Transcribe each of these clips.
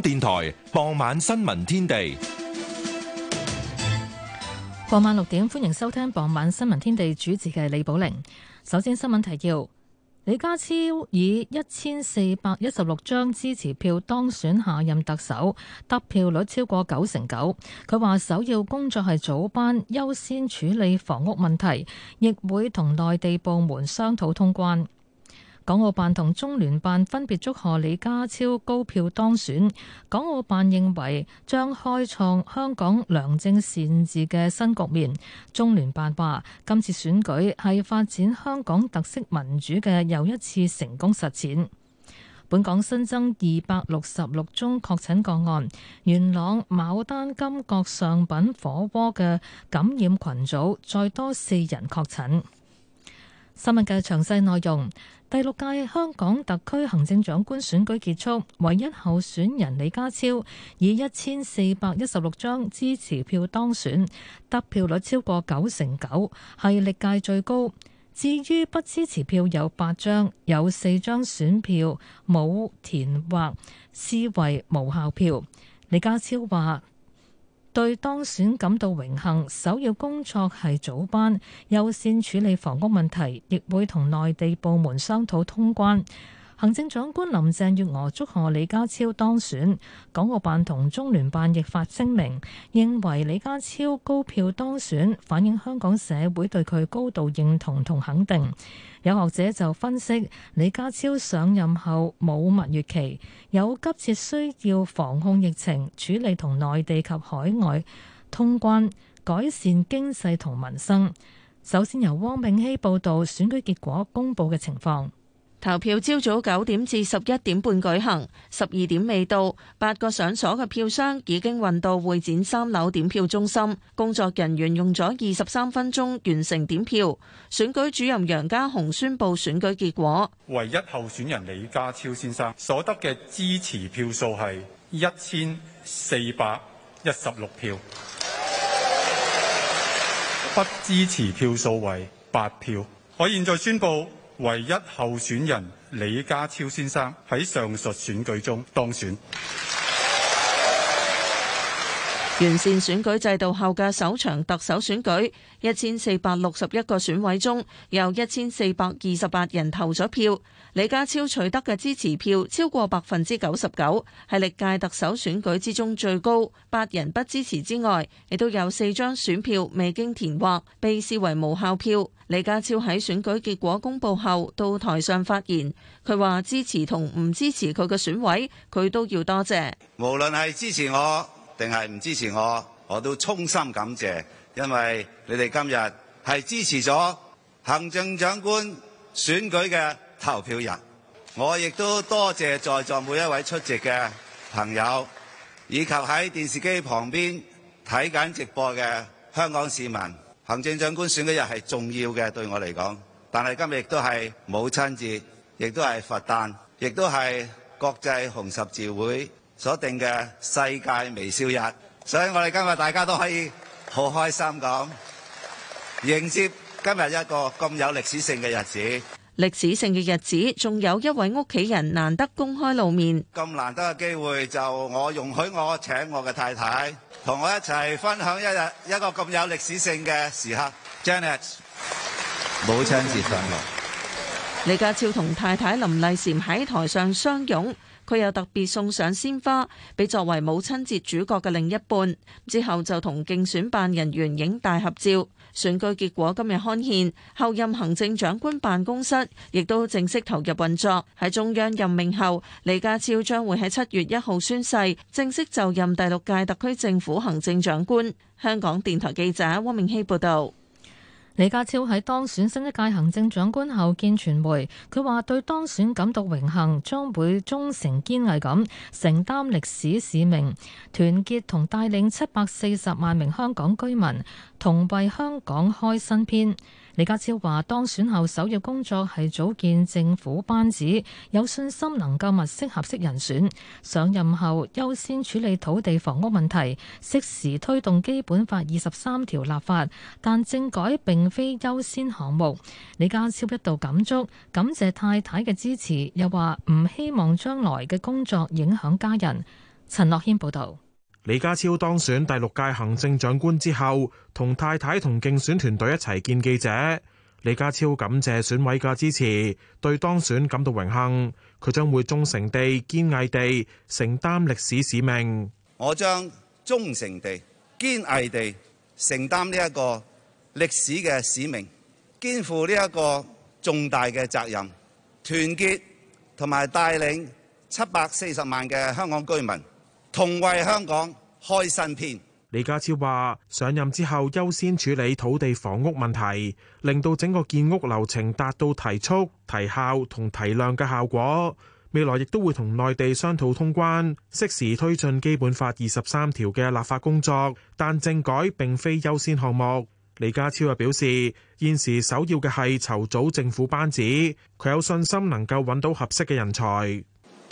電台傍晚新聞天地，傍晚六點，歡迎收聽傍晚新聞天地，主持嘅李寶玲。首先新聞提要：李家超以一千四百一十六張支持票當選下任特首，得票率超過九成九。佢話首要工作係早班優先處理房屋問題，亦會同內地部門商討通關。港澳辦同中聯辦分別祝賀李家超高票當選。港澳辦認為將開創香港良政善治嘅新局面。中聯辦話今次選舉係發展香港特色民主嘅又一次成功實踐。本港新增二百六十六宗確診個案，元朗牡丹金閣上品火鍋嘅感染群組再多四人確診。新聞嘅詳細內容，第六屆香港特區行政長官選舉結束，唯一候選人李家超以一千四百一十六張支持票當選，得票率超過九成九，係歷屆最高。至於不支持票有八張，有四張選票冇填或視為無效票。李家超話。對當選感到榮幸，首要工作係早班，優先處理房屋問題，亦會同內地部門商討通關。行政長官林鄭月娥祝賀李家超當選，港澳辦同中聯辦亦發聲明，認為李家超高票當選反映香港社會對佢高度認同同肯定。有學者就分析，李家超上任後冇蜜月期，有急切需要防控疫情、處理同內地及海外通關、改善經濟同民生。首先由汪炳希報道選舉結果公布嘅情況。投票朝早九點至十一點半舉行，十二點未到，八個上鎖嘅票箱已經運到會展三樓點票中心。工作人員用咗二十三分鐘完成點票。選舉主任楊家雄宣布選舉結果：唯一候選人李家超先生所得嘅支持票數係一千四百一十六票，不支持票數為八票。我現在宣布。唯一候選人李家超先生喺上述選舉中當選。完善選舉制度後嘅首場特首選舉，一千四百六十一個選委中，有一千四百二十八人投咗票。李家超取得嘅支持票超過百分之九十九，係歷屆特首選舉之中最高。八人不支持之外，亦都有四張選票未經填劃，被視為無效票。李家超喺選舉結果公佈後到台上發言，佢話支持同唔支持佢嘅選委，佢都要多謝。無論係支持我，定係唔支持我，我都衷心感謝，因為你哋今日係支持咗行政長官選舉嘅投票人。我亦都多謝在座每一位出席嘅朋友，以及喺電視機旁邊睇緊直播嘅香港市民。行政長官選舉日係重要嘅對我嚟講，但係今日亦都係母親節，亦都係佛誕，亦都係國際紅十字會所定嘅世界微笑日，所以我哋今日大家都可以好開心，噉迎接今日一個咁有歷史性嘅日子。歷史性嘅日子，仲有一位屋企人難得公開露面。咁難得嘅機會，就我容許我請我嘅太太同我一齊分享一日一個咁有歷史性嘅時刻。Janet，母親節快樂！李家超同太太林麗嬋喺台上相擁。佢又特別送上鮮花俾作為母親節主角嘅另一半，之後就同競選辦人員影大合照。選舉結果今日刊憲，候任行政長官辦公室亦都正式投入運作。喺中央任命後，李家超將會喺七月一號宣誓，正式就任第六屆特區政府行政長官。香港電台記者汪明熙報導。李家超喺當選新一屆行政長官後見傳媒，佢話對當選感到榮幸，將會忠誠堅毅咁承擔歷史使命，團結同帶領七百四十萬名香港居民，同為香港開新篇。李家超話：當選後首要工作係組建政府班子，有信心能夠物色合適人選。上任後優先處理土地房屋問題，適時推動《基本法》二十三條立法，但政改並非優先項目。李家超一度感觸，感謝太太嘅支持，又話唔希望將來嘅工作影響家人。陳樂軒報導。李家超當選第六屆行政長官之後，同太太同競選團隊一齊見記者。李家超感謝選委嘅支持，對當選感到榮幸。佢將會忠誠地、堅毅地承擔歷史使命。我將忠誠地、堅毅地承擔呢一個歷史嘅使命，肩負呢一個重大嘅責任，團結同埋帶領七百四十萬嘅香港居民，同為香港開新篇。李家超話：上任之後，優先處理土地房屋問題，令到整個建屋流程達到提速、提效同提量嘅效果。未來亦都會同內地商討通關，適時推進《基本法》二十三條嘅立法工作。但政改並非優先項目。李家超又表示：現時首要嘅係籌組政府班子，佢有信心能夠揾到合適嘅人才。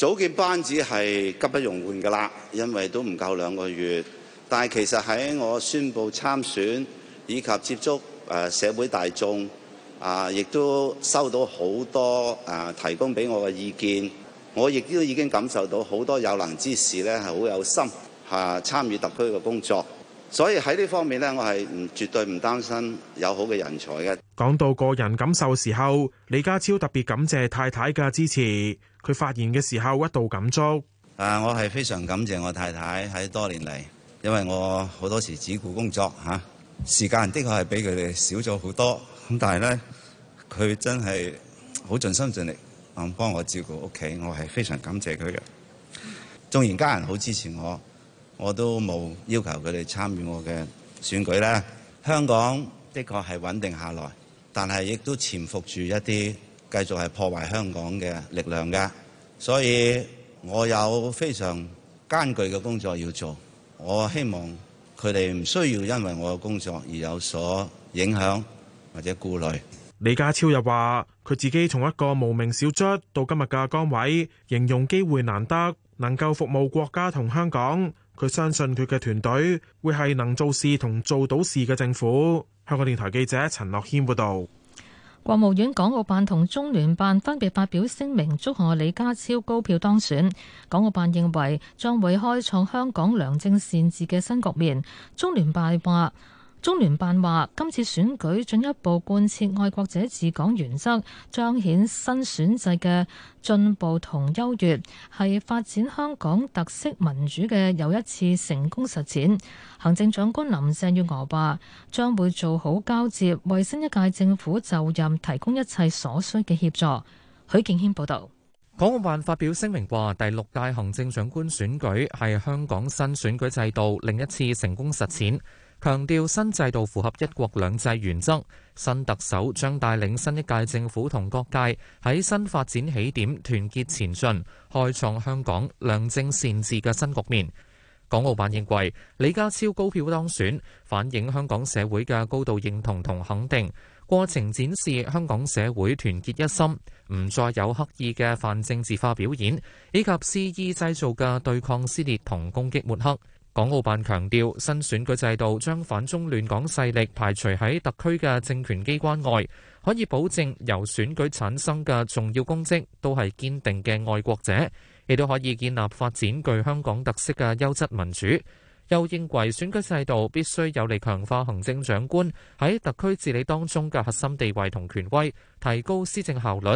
組建班子係急不容緩㗎啦，因為都唔夠兩個月。但係其實喺我宣布參選以及接觸誒社會大眾啊，亦都收到好多誒、啊、提供俾我嘅意見。我亦都已經感受到好多有能之士咧，係好有心啊參與特區嘅工作。所以喺呢方面咧，我係唔絕對唔擔心有好嘅人才嘅。講到個人感受時候，李家超特別感謝太太嘅支持。佢發言嘅時候一度感觸。啊，我係非常感謝我太太喺多年嚟，因為我好多時只顧工作吓、啊、時間的確係比佢哋少咗好多。咁但係咧，佢真係好盡心盡力，啊，幫我照顧屋企，我係非常感謝佢嘅。縱然家人好支持我。我都冇要求佢哋參與我嘅選舉啦。香港的確係穩定下來，但係亦都潛伏住一啲繼續係破壞香港嘅力量㗎，所以我有非常艱巨嘅工作要做。我希望佢哋唔需要因為我嘅工作而有所影響或者顧慮。李家超又話：佢自己從一個無名小卒到今日嘅崗位，形容機會難得，能夠服務國家同香港。佢相信佢嘅團隊會係能做事同做到事嘅政府。香港電台記者陳樂謙報道，國務院港澳辦同中聯辦分別發表聲明，祝賀李家超高票當選。港澳辦認為，將會開創香港良政善治嘅新局面。中聯辦話：中聯辦話：今次選舉進一步貫徹愛國者治港原則，彰顯新選制嘅進步同優越，係發展香港特色民主嘅又一次成功實踐。行政長官林鄭月娥話：將會做好交接，為新一屆政府就任提供一切所需嘅協助。許敬軒報道，港澳辦發表聲明話：第六屆行政長官選舉係香港新選舉制度另一次成功實踐。強調新制度符合一國兩制原則，新特首將帶領新一屆政府同各界喺新發展起點團結前進，開創香港良政善治嘅新局面。港澳辦認為李家超高票當選，反映香港社會嘅高度認同同肯定，過程展示香港社會團結一心，唔再有刻意嘅泛政治化表演，以及肆意、e、製造嘅對抗撕裂同攻擊抹黑。港澳辦強調，新選舉制度將反中亂港勢力排除喺特區嘅政權機關外，可以保證由選舉產生嘅重要公職都係堅定嘅愛國者，亦都可以建立發展具香港特色嘅優質民主。又認為，選舉制度必須有力強化行政長官喺特區治理當中嘅核心地位同權威，提高施政效率。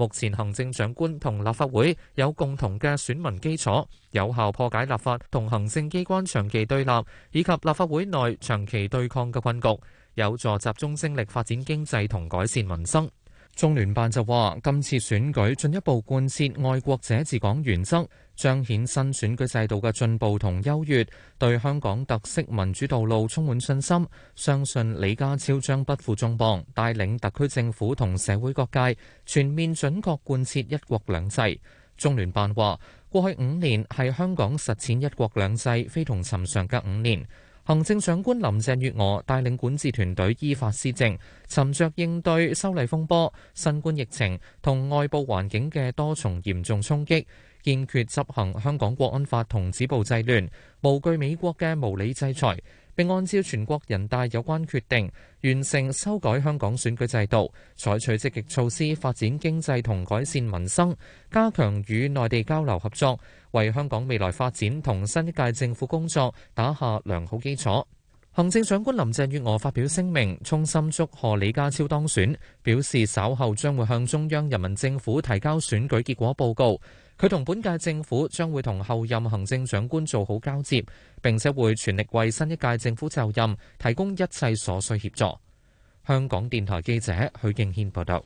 目前行政長官同立法會有共同嘅選民基礎，有效破解立法同行政機關長期對立，以及立法會內長期對抗嘅困局，有助集中精力發展經濟同改善民生。中聯辦就話，今次選舉進一步貫徹愛國者治港原則。彰顯新選舉制度嘅進步同優越，對香港特色民主道路充滿信心，相信李家超將不負眾望，帶領特區政府同社會各界全面準確貫徹一國兩制。中聯辦話，過去五年係香港實踐一國兩制非同尋常嘅五年。行政長官林鄭月娥帶領管治團隊依法施政，沉着應對修例風波、新冠疫情同外部環境嘅多重嚴重衝擊。堅決執行香港國安法同止暴制亂，無懼美國嘅無理制裁，並按照全國人大有關決定，完成修改香港選舉制度，採取積極措施發展經濟同改善民生，加強與內地交流合作，為香港未來發展同新一屆政府工作打下良好基礎。行政長官林鄭月娥發表聲明，衷心祝賀李家超當選，表示稍後將會向中央人民政府提交選舉結果報告。佢同本屆政府將會同後任行政長官做好交接，並且會全力為新一屆政府就任提供一切所需協助。香港電台記者許敬軒報道。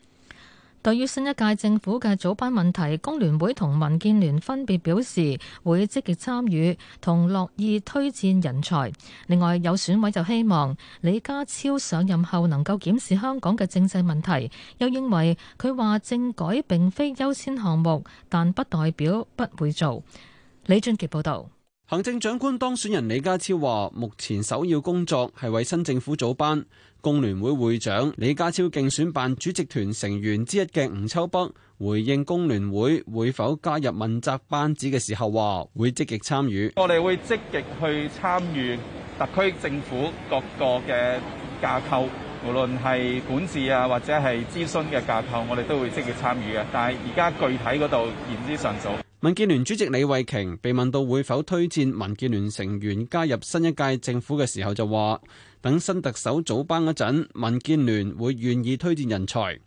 對於新一屆政府嘅組班問題，工聯會同民建聯分別表示會積極參與同樂意推薦人才。另外有選委就希望李家超上任後能夠檢視香港嘅政制問題，又認為佢話政改並非優先項目，但不代表不會做。李俊傑報導。行政長官當選人李家超話，目前首要工作係為新政府組班。工聯會會長李家超競選辦主席團成員之一嘅吳秋北回應工聯會會否加入問責班子嘅時候話，會積極參與。我哋會積極去參與特區政府各個嘅架構，無論係管治啊或者係諮詢嘅架構，我哋都會積極參與嘅。但係而家具體嗰度言之尚早。民建聯主席李慧瓊被問到會否推薦民建聯成員加入新一屆政府嘅時候就，就話等新特首組班嗰陣，民建聯會願意推薦人才。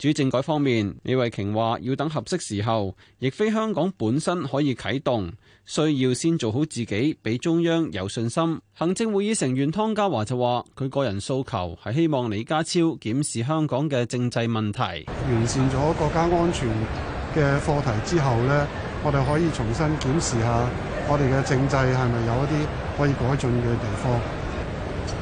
主政改方面，李慧瓊話要等合適時候，亦非香港本身可以啟動，需要先做好自己，俾中央有信心。行政會議成員湯家驊就話，佢個人訴求係希望李家超檢視香港嘅政制問題，完善咗國家安全嘅課題之後呢。我哋可以重新檢視下我哋嘅政制係咪有一啲可以改進嘅地方，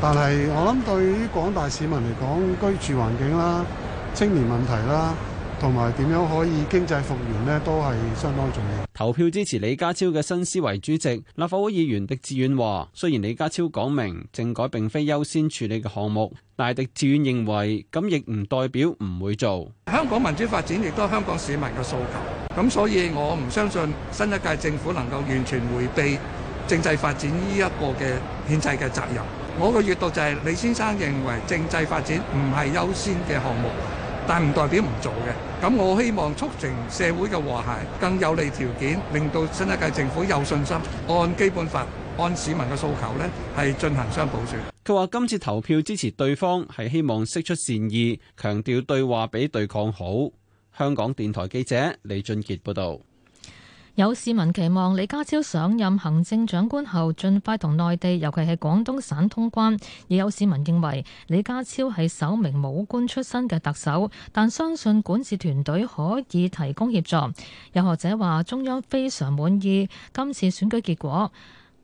但係我諗對於廣大市民嚟講，居住環境啦、青年問題啦，同埋點樣可以經濟復原咧，都係相當重要。投票支持李家超嘅新思維主席立法會議員狄志遠話，雖然李家超講明政改並非優先處理嘅項目，但係狄志遠認為，咁亦唔代表唔會做。香港民主發展亦都係香港市民嘅訴求。咁所以我唔相信新一屆政府能夠完全回避政制發展呢一個嘅憲制嘅責任。我嘅閱讀就係李先生認為政制發展唔係優先嘅項目，但唔代表唔做嘅。咁我希望促成社會嘅和諧，更有利條件令到新一屆政府有信心按基本法、按市民嘅訴求咧，係進行雙普選。佢話今次投票支持對方係希望釋出善意，強調對話比對抗好。香港電台記者李俊杰報道，有市民期望李家超上任行政長官後，盡快同內地，尤其係廣東省通關；亦有市民認為李家超係首名武官出身嘅特首，但相信管治團隊可以提供協助。有學者話，中央非常滿意今次選舉結果。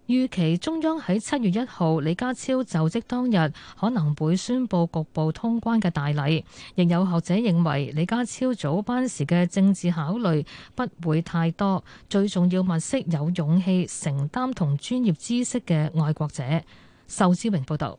預期中央喺七月一號李家超就職當日，可能會宣布局部通關嘅大禮。亦有學者認為，李家超早班時嘅政治考慮不會太多，最重要物色有勇氣、承擔同專業知識嘅愛國者。仇志榮報道。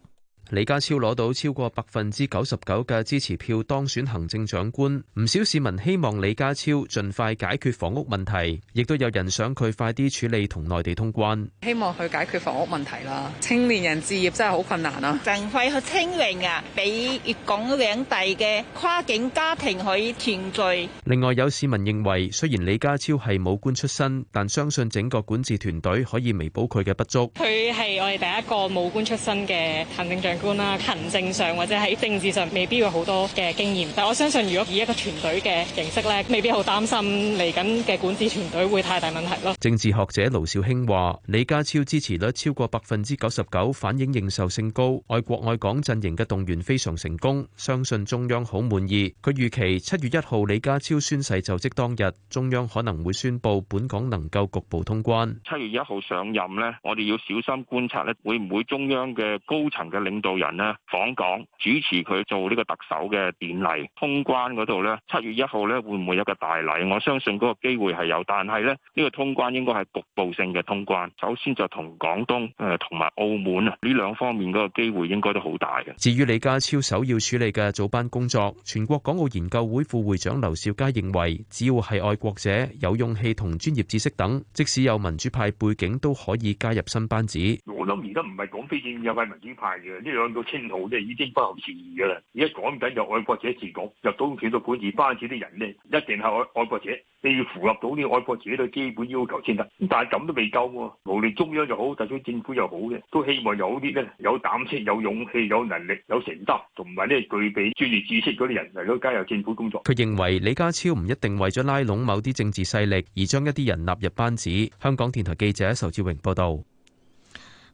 李家超攞到超過百分之九十九嘅支持票當選行政長官，唔少市民希望李家超盡快解決房屋問題，亦都有人想佢快啲處理同內地通關。希望佢解決房屋問題啦，青年人置業真係好困難啊！贈費去清零啊，俾粵港兩地嘅跨境家庭可以團聚。另外有市民認為，雖然李家超係武官出身，但相信整個管治團隊可以彌補佢嘅不足。佢係我哋第一個武官出身嘅行政長官啦，行政上或者喺政治上未必有好多嘅經驗，但係我相信如果以一個團隊嘅形式咧，未必好擔心嚟緊嘅管治團隊會太大問題咯。政治學者盧兆興話：李家超支持率超過百分之九十九，反映認受性高，愛國愛港陣營嘅動員非常成功，相信中央好滿意。佢預期七月一號李家超宣誓就職當日，中央可能會宣布本港能夠局部通關。七月一號上任咧，我哋要小心觀察咧，會唔會中央嘅高層嘅領導？做人呢訪港主持佢做呢個特首嘅典禮通關嗰度咧，七月一號咧，會唔會有個大禮？我相信嗰個機會係有，但係咧，呢個通關應該，係局部性嘅通關。首先就同廣東誒同埋澳門啊，呢兩方面嗰個機會應該都好大嘅。至於李家超首要處理嘅組班工作，全國港澳研究會副會長劉兆佳認為，只要係愛國者、有勇氣同專業知識等，即使有民主派背景都可以加入新班子。我諗而家唔係講非議有份民主派嘅呢。兩個稱號咧已經不合時宜㗎啦！而家講緊就愛國者治港，入到選到管治班子啲人呢，一定係愛愛國者，你要符合到呢啲愛國者嘅基本要求先得。但係咁都未夠喎，無論中央又好，特區政府又好嘅，都希望有啲呢，有膽識、有勇氣、有能力、有承擔，同埋呢具備專業知識嗰啲人嚟到加入政府工作。佢認為李家超唔一定為咗拉攏某啲政治勢力而將一啲人納入班子。香港電台記者仇志榮報道。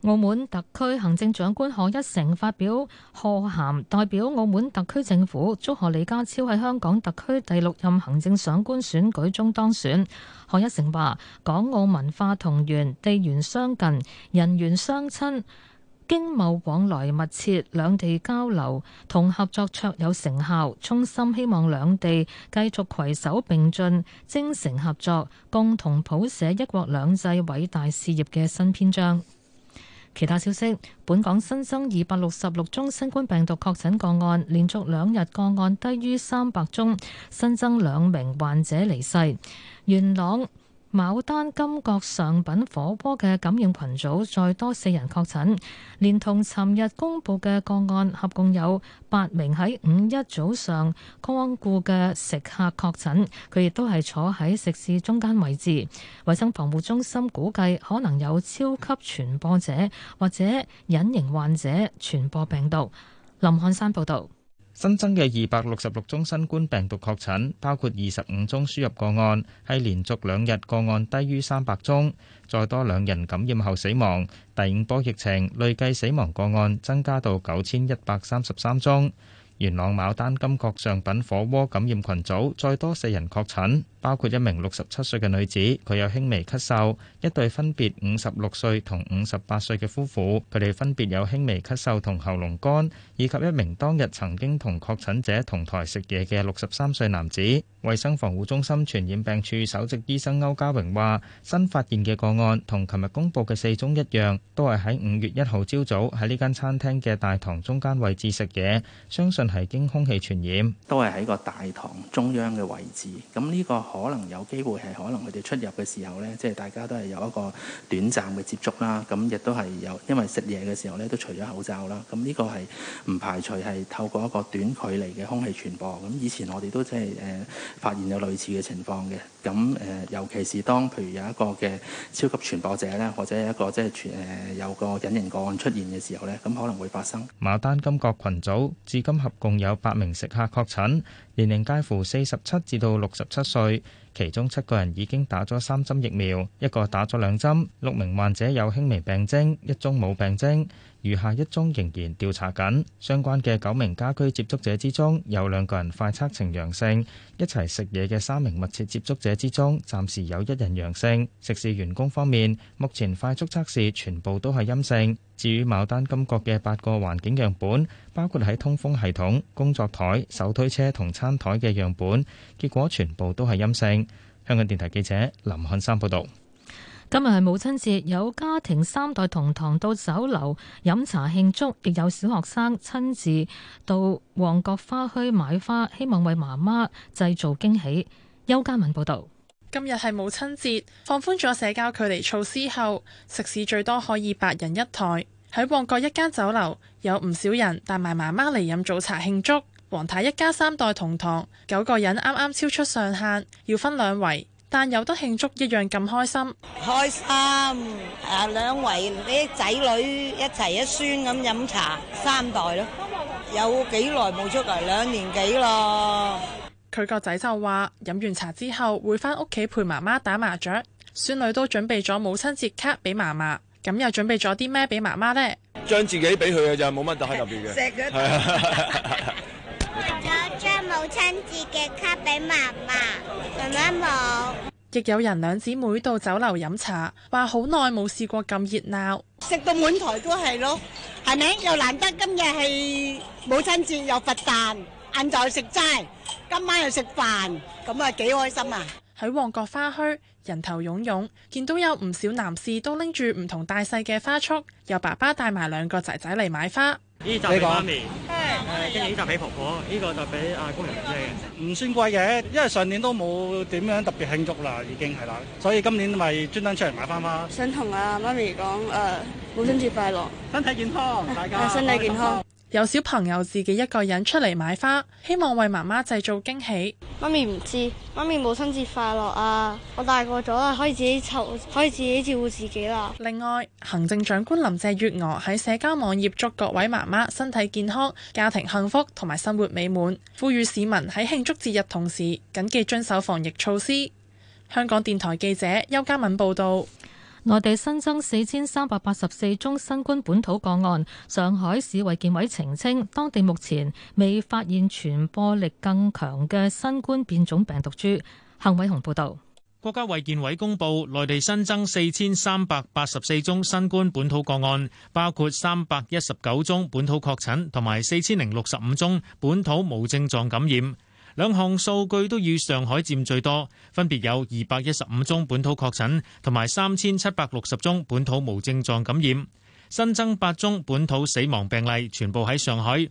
澳門特區行政長官賀一誠發表賀函，代表澳門特區政府祝賀李家超喺香港特區第六任行政長官選舉中當選。賀一誠話：港澳文化同源，地緣相近，人緣相親，經貿往來密切，兩地交流同合作卓有成效。衷心希望兩地繼續攜手並進，精誠合作，共同譜寫一國兩制偉大事業嘅新篇章。其他消息，本港新增二百六十六宗新冠病毒確診個案，連續兩日個案低於三百宗，新增兩名患者離世。元朗牡丹金閣上品火鍋嘅感染群組再多四人確診，連同尋日公布嘅個案合共有八名喺五一早上光顧嘅食客確診，佢亦都係坐喺食肆中間位置。衛生防護中心估計可能有超級傳播者或者隱形患者傳播病毒。林漢山報導。新增嘅二百六十六宗新冠病毒確診，包括二十五宗輸入個案，係連續兩日個案低於三百宗，再多兩人感染後死亡。第五波疫情累計死亡個案增加到九千一百三十三宗。元朗牡丹金閣上品火鍋感染群組再多四人確診，包括一名六十七歲嘅女子，佢有輕微咳嗽；一對分別五十六歲同五十八歲嘅夫婦，佢哋分別有輕微咳嗽同喉嚨乾；以及一名當日曾經同確診者同台食嘢嘅六十三歲男子。衛生防護中心傳染病處首席醫生歐家榮話：新發現嘅個案同琴日公布嘅四宗一樣，都係喺五月一號朝早喺呢間餐廳嘅大堂中間位置食嘢，相信。係經空氣傳染，都係喺個大堂中央嘅位置。咁呢個可能有機會係可能佢哋出入嘅時候咧，即係大家都係有一個短暫嘅接觸啦。咁亦都係有，因為食嘢嘅時候咧都除咗口罩啦。咁呢個係唔排除係透過一個短距離嘅空氣傳播。咁以前我哋都即係誒發現有類似嘅情況嘅。咁誒，尤其是當譬如有一個嘅超級傳播者咧，或者一個即係傳誒有個隱形個案出現嘅時候咧，咁可能會發生。馬丹金角群組至今合。共有八名食客確診，年齡介乎四十七至到六十七歲，其中七個人已經打咗三針疫苗，一個打咗兩針，六名患者有輕微病徵，一宗冇病徵，餘下一宗仍然調查緊。相關嘅九名家居接觸者之中，有兩個人快測呈陽性，一齊食嘢嘅三名密切接觸者之中，暫時有一人陽性。食肆員工方面，目前快速測試全部都係陰性。至於牡丹金閣嘅八個環境樣本，包括喺通風系統、工作台、手推車同餐台嘅樣本，結果全部都係陰性。香港電台記者林漢山報道：「今日係母親節，有家庭三代同堂到酒樓飲茶慶祝，亦有小學生親自到旺角花墟買花，希望為媽媽製造驚喜。」邱嘉敏報道。今日係母親節，放寬咗社交距離措施後，食肆最多可以八人一枱。喺旺角一間酒樓，有唔少人帶埋媽媽嚟飲早茶慶祝。黃太一家三代同堂，九個人啱啱超出上限，要分兩圍，但有得慶祝一樣咁開心。開心啊！兩圍啲仔女一齊一孫咁飲茶，三代咯。有幾耐冇出嚟？兩年幾咯。佢個仔就話飲完茶之後會翻屋企陪媽媽打麻雀，孫女都準備咗母親節卡俾媽媽，咁又準備咗啲咩俾媽媽呢？將自己俾佢嘅就冇乜特開特別嘅，食啊。準備咗張母親節嘅卡俾媽媽，媽媽冇。亦有人兩姊妹到酒樓飲茶，話好耐冇試過咁熱鬧，食到滿台都係咯，係咪？又難得今日係母親節又佛誕，晏晝食齋。今晚又食飯，咁啊幾開心啊！喺旺角花墟，人頭湧湧，見到有唔少男士都拎住唔同大細嘅花束，由爸爸帶埋兩個仔仔嚟買花。呢紮俾媽咪，係、嗯，誒、嗯，跟住呢紮俾婆婆，呢、呢個就俾阿公爺。唔算貴嘅，因為上年都冇點樣特別慶祝啦，已經係啦，所以今年咪專登出嚟買花花。想同阿媽咪講，誒、呃，母親節快樂，身體健康，大家身體健康。家有小朋友自己一個人出嚟買花，希望為媽媽製造驚喜。媽咪唔知，媽咪母親節快樂啊！我大個咗啦，可以自己湊，可以自己照顧自己啦。另外，行政長官林鄭月娥喺社交網頁祝各位媽媽身體健康、家庭幸福同埋生活美滿，呼籲市民喺慶祝節日同時謹記遵守防疫措施。香港電台記者邱家敏報道。內地新增四千三百八十四宗新冠本土個案，上海市衛健委澄清清，當地目前未發現傳播力更強嘅新冠變種病毒株。幸偉雄報道，國家衛健委公布內地新增四千三百八十四宗新冠本土個案，包括三百一十九宗本土確診，同埋四千零六十五宗本土無症狀感染。兩項數據都以上海佔最多，分別有二百一十五宗本土確診同埋三千七百六十宗本土無症狀感染，新增八宗本土死亡病例，全部喺上海。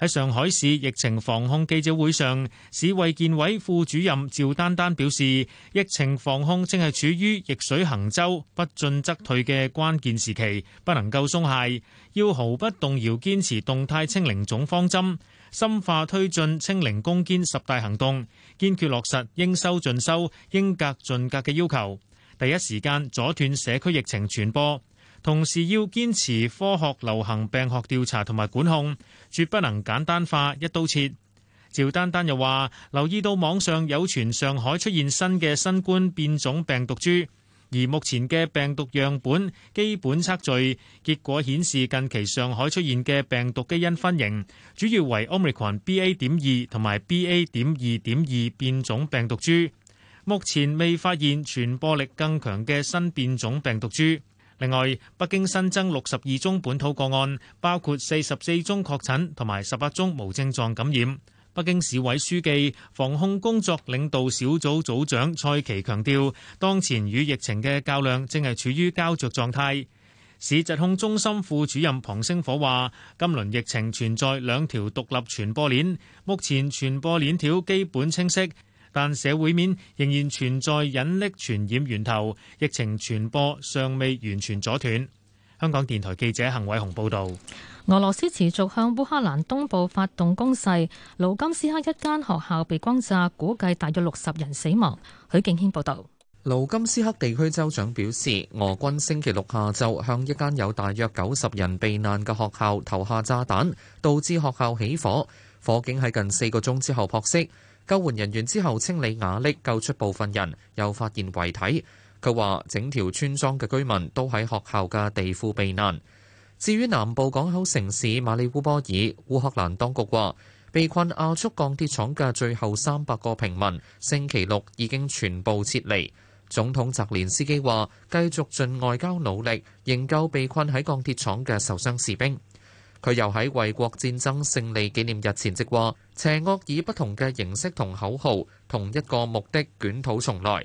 喺上海市疫情防控記者會上，市衛健委副主任趙丹丹表示，疫情防控正係處於逆水行舟、不進則退嘅關鍵時期，不能夠鬆懈，要毫不動搖堅持動態清零總方針。深化推進清零攻堅十大行動，堅決落實應收盡收、應隔盡隔嘅要求，第一時間阻斷社區疫情傳播。同時要堅持科學流行病學調查同埋管控，絕不能簡單化一刀切。趙丹丹又話，留意到網上有傳上海出現新嘅新冠變種病毒株。而目前嘅病毒樣本基本測序結果顯示，近期上海出現嘅病毒基因分型主要為 Omicron BA. 點二同埋 BA. 點二點二變種病毒株。目前未發現傳播力更強嘅新變種病毒株。另外，北京新增六十二宗本土個案，包括四十四宗確診同埋十八宗無症狀感染。北京市委書記、防控工作領導小組組長蔡奇強調，當前與疫情嘅較量正係處於膠着狀態。市疾控中心副主任龐星火話，今輪疫情存在兩條獨立傳播鏈，目前傳播鏈條基本清晰，但社會面仍然存在隱匿傳染源頭，疫情傳播尚未完全阻斷。香港電台記者邢偉雄報道，俄羅斯持續向烏克蘭東部發動攻勢，盧甘斯克一間學校被轟炸，估計大約六十人死亡。許敬軒報道，盧甘斯克地區州長表示，俄軍星期六下晝向一間有大約九十人避難嘅學校投下炸彈，導致學校起火，火警喺近四個鐘之後撲熄，救援人員之後清理瓦礫，救出部分人，又發現遺體。佢話整條村莊嘅居民都喺學校嘅地庫避難。至於南部港口城市馬里烏波爾，烏克蘭當局話被困亞速鋼鐵廠嘅最後三百個平民，星期六已經全部撤離，總統澤連斯基話繼續盡外交努力，營救被困喺鋼鐵廠嘅受傷士兵。佢又喺衛國戰爭勝利紀念日前夕話邪惡以不同嘅形式同口號同一個目的捲土重來。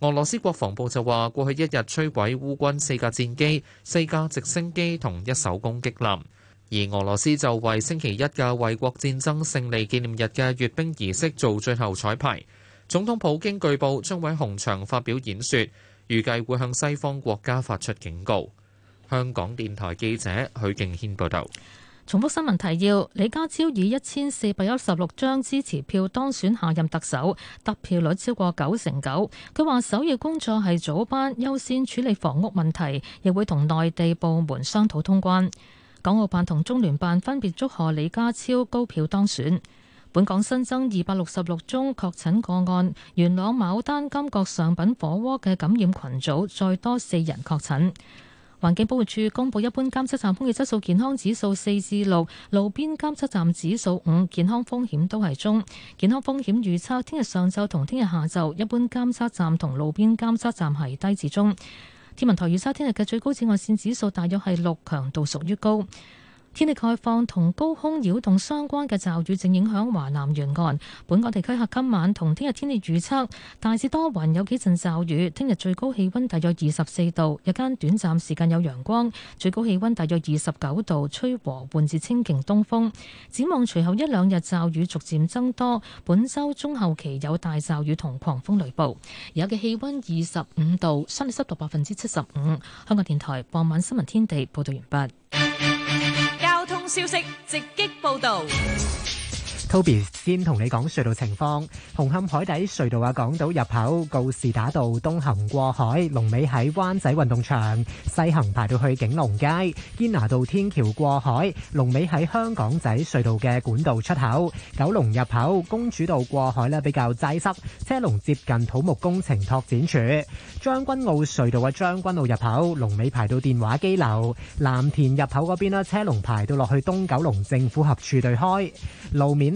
俄羅斯國防部就話，過去一日摧毀烏軍四架戰機、四架直升機同一手攻擊艦，而俄羅斯就為星期一嘅衛國戰爭勝利紀念日嘅閱兵儀式做最後彩排。總統普京據報將會喺紅場發表演說，預計會向西方國家發出警告。香港電台記者許敬軒報道。重複新聞提要：李家超以一千四百一十六張支持票當選下任特首，得票率超過九成九。佢話首要工作係早班優先處理房屋問題，亦會同內地部門商討通關。港澳辦同中聯辦分別祝賀李家超高票當選。本港新增二百六十六宗確診個案，元朗牡丹金閣上品火鍋嘅感染群組再多四人確診。環境保護署公布一般監測站空氣質素健康指數四至六，路邊監測站指數五，健康風險都係中。健康風險預測，聽日上晝同聽日下晝，一般監測站同路邊監測站係低至中。天文台預測聽日嘅最高紫外線指數大約係六，強度屬於高。天氣概況，同高空擾動相關嘅驟雨正影響華南沿岸本港地區，今日今晚同聽日天氣預測大致多雲，有幾陣驟雨。聽日最高氣溫大約二十四度，日間短暫時間有陽光，最高氣溫大約二十九度，吹和緩至清勁東風。展望隨後一兩日驟雨逐漸增多，本周中後期有大驟雨同狂風雷暴，而家嘅氣溫二十五度，相對濕度百分之七十五。香港電台傍晚新聞天地報道完畢。消息直擊報道。Toby 先同你講隧道情況，紅磡海底隧道啊，港島入口告士打道東行過海，龍尾喺灣仔運動場；西行排到去景隆街，堅拿道天橋過海，龍尾喺香港仔隧道嘅管道出口；九龍入口公主道過海呢比較擠塞，車龍接近土木工程拓展處；將軍澳隧道嘅將軍澳入口，龍尾排到電話機樓；藍田入口嗰邊啦，車龍排到落去東九龍政府合署對開路面。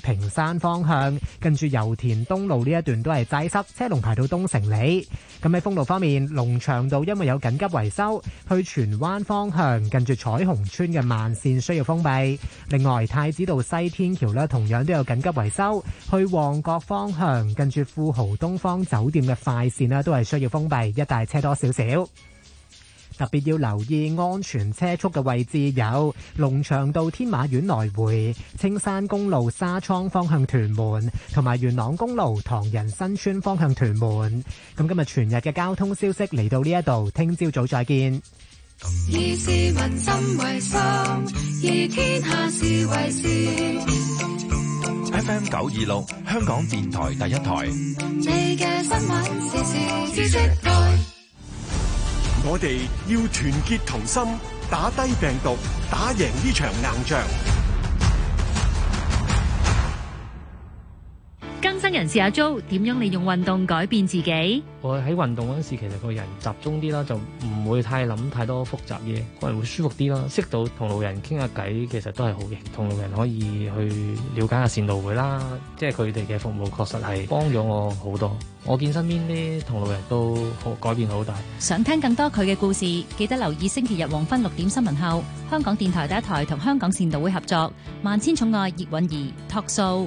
屏山方向，近住油田東路呢一段都係擠塞，車龍排到東城里。咁喺封路方面，龍翔道因為有緊急維修，去荃灣方向，近住彩虹村嘅慢線需要封閉。另外，太子道西天橋呢同樣都有緊急維修，去旺角方向，近住富豪東方酒店嘅快線呢都係需要封閉，一帶車多少少。特別要留意安全車速嘅位置有龍翔道天馬苑來回、青山公路沙倉方向屯門、同埋元朗公路唐人新村方向屯門。咁今日全日嘅交通消息嚟到呢一度，聽朝早再見。以市民心為心，以天下事為事。FM 九二六，香港電台第一台。我哋要團結同心，打低病毒，打贏呢場硬仗。人試下租點樣利用運動改變自己？我喺運動嗰時，其實個人集中啲啦，就唔會太諗太多複雜嘢，個人會舒服啲啦。識到同路人傾下偈，其實都係好嘅。嗯、同路人可以去了解下善導會啦，即係佢哋嘅服務確實係幫咗我好多。我見身邊啲同路人都好改變好大。想聽更多佢嘅故事，記得留意星期日黃昏六點新聞後，香港電台第一台同香港善導會合作《萬千寵愛葉韻儀》talk show。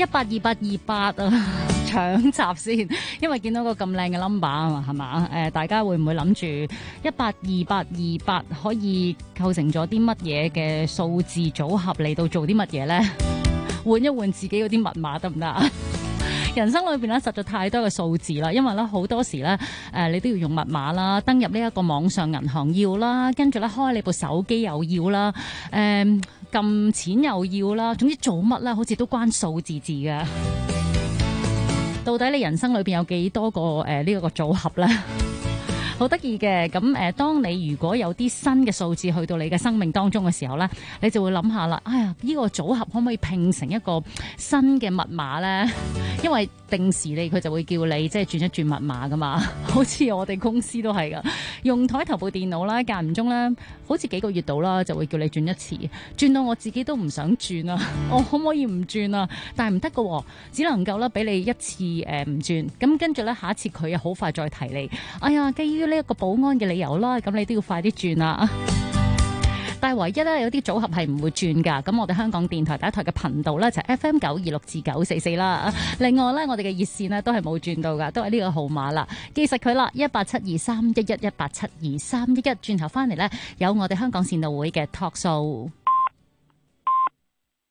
一八二八二八啊，28 28 搶閘先，因為見到個咁靚嘅 number 啊嘛，係嘛？誒、呃，大家會唔會諗住一八二八二八可以構成咗啲乜嘢嘅數字組合嚟到做啲乜嘢咧？ 換一換自己嗰啲密碼得唔得啊？行 人生裏邊咧實在太多嘅數字啦，因為咧好多時咧，誒、呃、你都要用密碼啦，登入呢一個網上銀行要啦，跟住咧開你部手機又要啦，誒、呃、撳錢又要啦，總之做乜咧，好似都關數字字㗎。到底你人生裏邊有幾多個誒呢個組合咧？ 好得意嘅，咁誒，當你如果有啲新嘅數字去到你嘅生命當中嘅時候咧，你就會諗下啦，哎呀，呢個組合可唔可以拼成一個新嘅密碼咧？因為定時你，佢就會叫你即係轉一轉密碼噶嘛， 好似我哋公司都係噶，用台頭部電腦啦，間唔中咧。好似幾個月到啦，就會叫你轉一次，轉到我自己都唔想轉啊！ 我可唔可以唔轉啊？但係唔得噶，只能夠啦。俾你一次誒唔轉，咁跟住咧下一次佢又好快再提你。哎呀，基於呢一個保安嘅理由啦，咁你都要快啲轉啦。但係唯一咧有啲組合係唔會轉㗎，咁我哋香港電台第一台嘅頻道呢，就係 FM 九二六至九四四啦。另外呢，我哋嘅熱線呢都係冇轉到㗎，都係呢個號碼啦。記實佢啦，一八七二三一一一八七二三一一，轉頭返嚟呢，有我哋香港善導會嘅 talk show。